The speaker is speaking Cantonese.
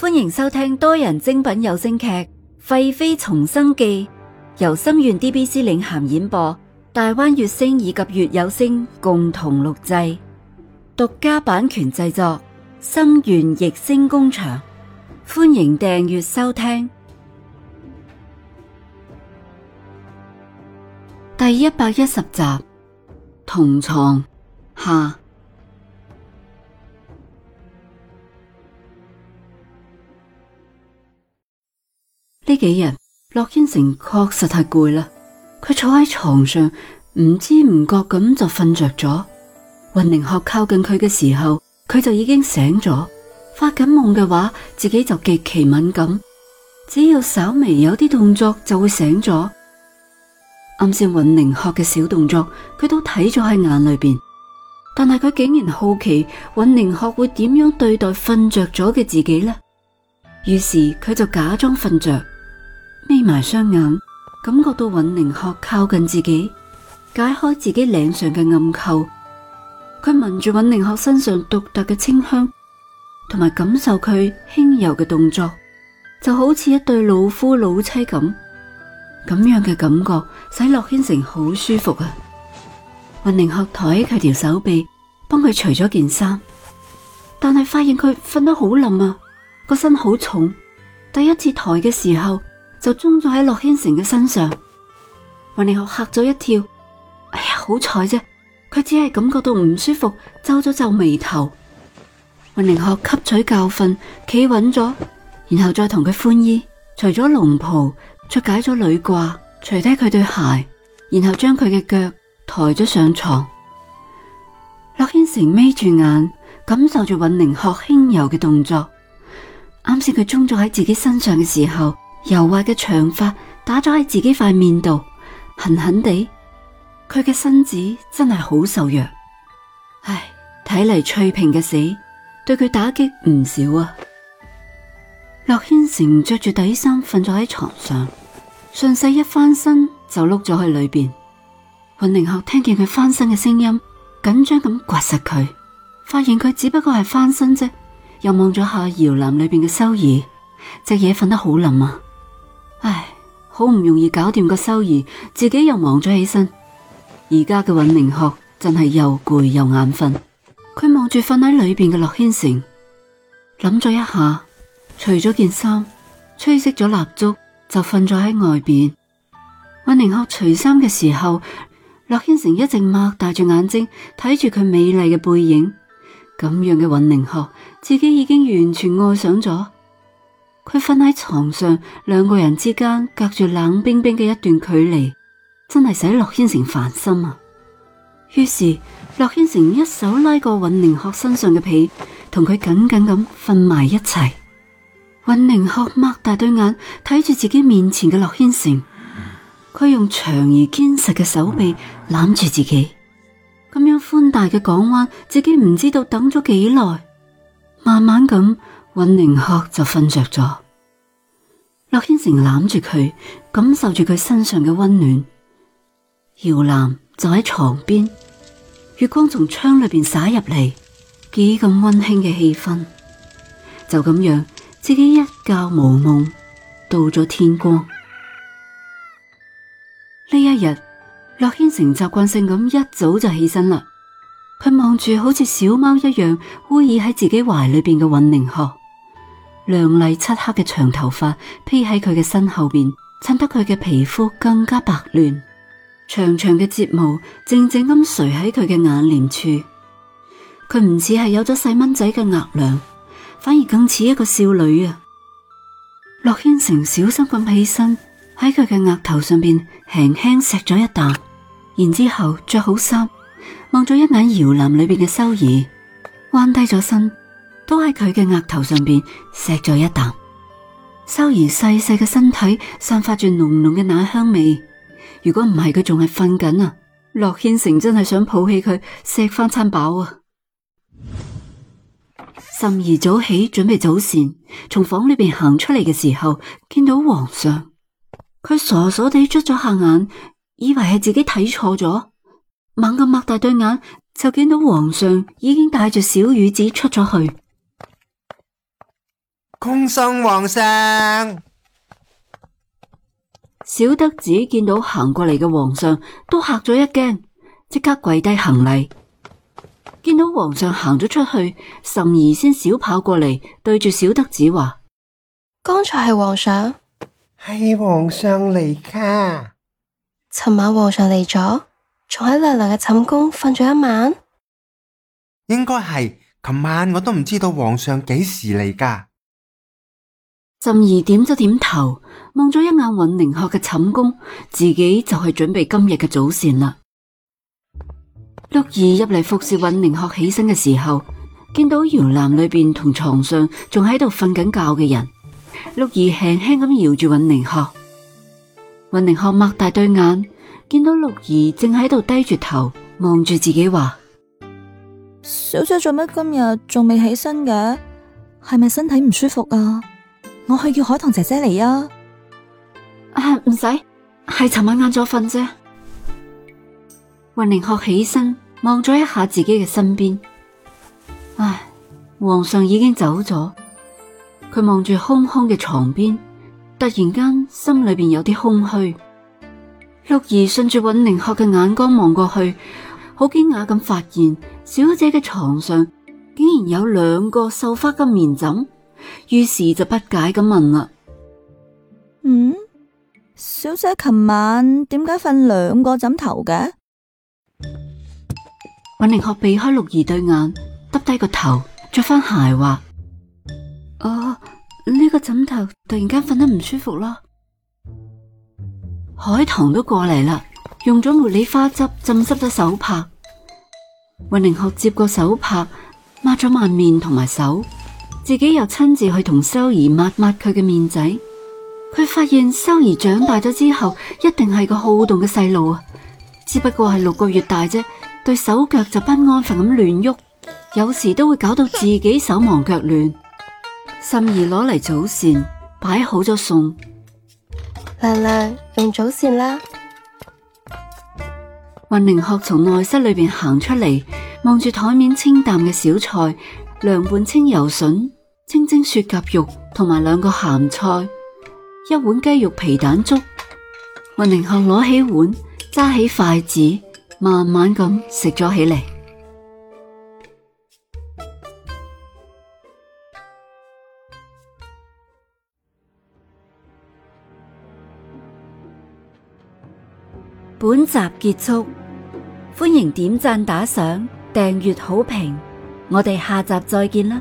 歡迎收聽多人精品有聲劇《廢妃重生記》，由心願 DBC 領銜演播，大灣月星以及月有聲共同錄製，獨家版權製作，心願逸星工場。歡迎訂閱收聽第一百一十集《同床下》。呢幾日，洛軒城確實太攰啦。佢坐喺床上，唔知唔覺咁就瞓着咗。尹寧學靠近佢嘅時候，佢就已經醒咗。發緊夢嘅話，自己就極其敏感，只要稍微有啲動作就會醒咗。啱先尹寧學嘅小動作，佢都睇咗喺眼裏邊。但係佢竟然好奇尹寧學會點樣對待瞓着咗嘅自己呢？於是佢就假裝瞓着。眯埋雙眼，感覺到尹寧鶴靠近自己，解開自己領上嘅暗扣，佢聞住尹寧鶴身上獨特嘅清香，同埋感受佢輕柔嘅動作，就好似一對老夫老妻咁。咁樣嘅感覺使洛軒成好舒服啊！尹寧鶴抬佢條手臂，幫佢除咗件衫，但係發現佢瞓得好冧啊，個身好重，第一次抬嘅時候。就中咗喺洛軒成嘅身上，云凌鶴吓咗一跳。哎呀，好彩啫，佢只係感覺到唔舒服，皺咗皺眉頭。云凌鶴吸取教訓，企穩咗，然後再同佢寬衣，除咗龍袍，再解咗女褂，除低佢對鞋，然後將佢嘅腳抬咗上床。洛軒成眯住眼，感受住云凌鶴輕柔嘅動作。啱先佢中咗喺自己身上嘅時候。柔滑嘅長髮打咗喺自己塊面度，狠狠地。佢嘅身子真係好瘦弱。唉，睇嚟翠屏嘅死對佢打擊唔少啊。洛軒成着住底衫瞓咗喺床上，順勢一翻身就碌咗去裏邊。尹寧鶴聽見佢翻身嘅聲音，緊張咁刮實佢，發現佢只不過係翻身啫。又望咗下搖籃裏邊嘅修兒，隻嘢瞓得好冧啊！唉，好唔容易搞掂個修儀，自己又忙咗起身。而家嘅尹寧學真係又攰又眼瞓，佢望住瞓喺裏邊嘅洛軒成，諗咗一下，除咗件衫，吹熄咗蠟燭，就瞓咗喺外邊。尹寧學除衫嘅時候，洛軒成一直擘大住眼睛睇住佢美麗嘅背影，咁樣嘅尹寧學，自己已經完全愛上咗。佢瞓喺床上，兩個人之間隔住冷冰冰嘅一段距離，真係使洛軒成煩心啊！於是，洛軒成一手拉過尹寧鶴身上嘅被，同佢緊緊咁瞓埋一齊。尹寧鶴擘大對眼睇住自己面前嘅洛軒成，佢用長而堅實嘅手臂攬住自己，咁樣寬大嘅港灣，自己唔知道等咗幾耐，慢慢咁。尹寧鶴就瞓着咗，洛軒成攬住佢，感受住佢身上嘅溫暖。搖籃就喺床邊，月光從窗裏邊灑入嚟，幾咁溫馨嘅氣氛。就咁樣，自己一覺無夢，到咗天光。呢一日，洛軒成習慣性咁一早就起身啦。佢望住好似小貓一樣依偎喺自己懷裏邊嘅尹寧鶴。亮麗漆黑嘅長頭髮披喺佢嘅身後邊，襯得佢嘅皮膚更加白嫩。長長嘅睫毛靜靜咁垂喺佢嘅眼簾處，佢唔似係有咗細蚊仔嘅額娘，反而更似一個少女啊！洛軒成小心咁起身，喺佢嘅額頭上邊輕輕錫咗一啖，然之後着好衫，望咗一眼搖籃裏邊嘅修兒，彎低咗身。都喺佢嘅額頭上邊錫咗一啖，修兒細細嘅身體散發住濃濃嘅奶香味。如果唔係佢仲係瞓緊啊，洛軒成真係想抱起佢錫翻餐飽啊！心兒 早起準備早膳，從房裏邊行出嚟嘅時候，見到皇上，佢傻傻地捽咗下眼，以為係自己睇錯咗，猛咁擘大對眼，就見到皇上已經帶住小雨子出咗去。恭送皇上。小德子見到行過嚟嘅皇上，都嚇咗一驚，即刻跪低行禮。見到皇上行咗出去，岑兒先小跑過嚟，對住小德子話：剛才係皇上，係皇上嚟噶！尋晚皇上嚟咗，仲喺娘娘嘅寢宮瞓咗一晚。應該係，琴晚我都唔知道皇上幾時嚟噶。朕兒點咗點頭，望咗一眼尹寧鶴嘅寢宮，自己就係準備今日嘅早膳啦。六兒入嚟服侍尹寧鶴起身嘅時候，見到搖籃裏邊同床上仲喺度瞓緊覺嘅人，六兒輕輕咁搖住尹寧鶴。尹寧鶴擘大對眼，見到六兒正喺度低住頭望住自己，話，小姐做乜？今日仲未起身嘅？係咪身體唔舒服啊？我去叫海棠姐姐嚟。哦、啊，唔使，係尋晚晏咗瞓啫。雲寧鶴起身望咗一下自己嘅身邊，唉，皇上已經走咗。佢望住空空嘅床邊，突然間心裏邊有啲空虛。六兒順住尹寧鶴嘅眼光望過去，好驚訝咁發現，小姐嘅床上竟然有兩個繡花嘅棉枕。於是就不解咁問啦：嗯，小姐，琴晚點解瞓兩個枕頭嘅？尹寧學避開鹿兒對眼，耷低個頭，着翻鞋話：哦，呢個枕頭突然間瞓得唔舒服咯。海棠都過嚟啦，用咗茉莉花汁浸濕咗手帕。尹寧學接過手帕，抹咗抹面同埋手。自己又親自去同修兒抹抹佢嘅面仔，佢發現修兒長大咗之後，一定係個好動嘅細路啊！只不過係六個月大啫，對手腳就不安分咁亂喐，有時都會搞到自己手忙腳亂。心儀攞嚟早膳，擺好咗餸，娘娘用早膳啦。云寧鶴從內室裏邊行出嚟，望住台面清淡嘅小菜。涼拌青油筍、清蒸雪蛤肉同埋兩個鹹菜，一碗雞肉皮蛋粥。阿寧後攞起碗，揸起筷子，慢慢咁食咗起嚟。本集結束，歡迎點讚打賞、訂閱好評。我哋下集再見啦！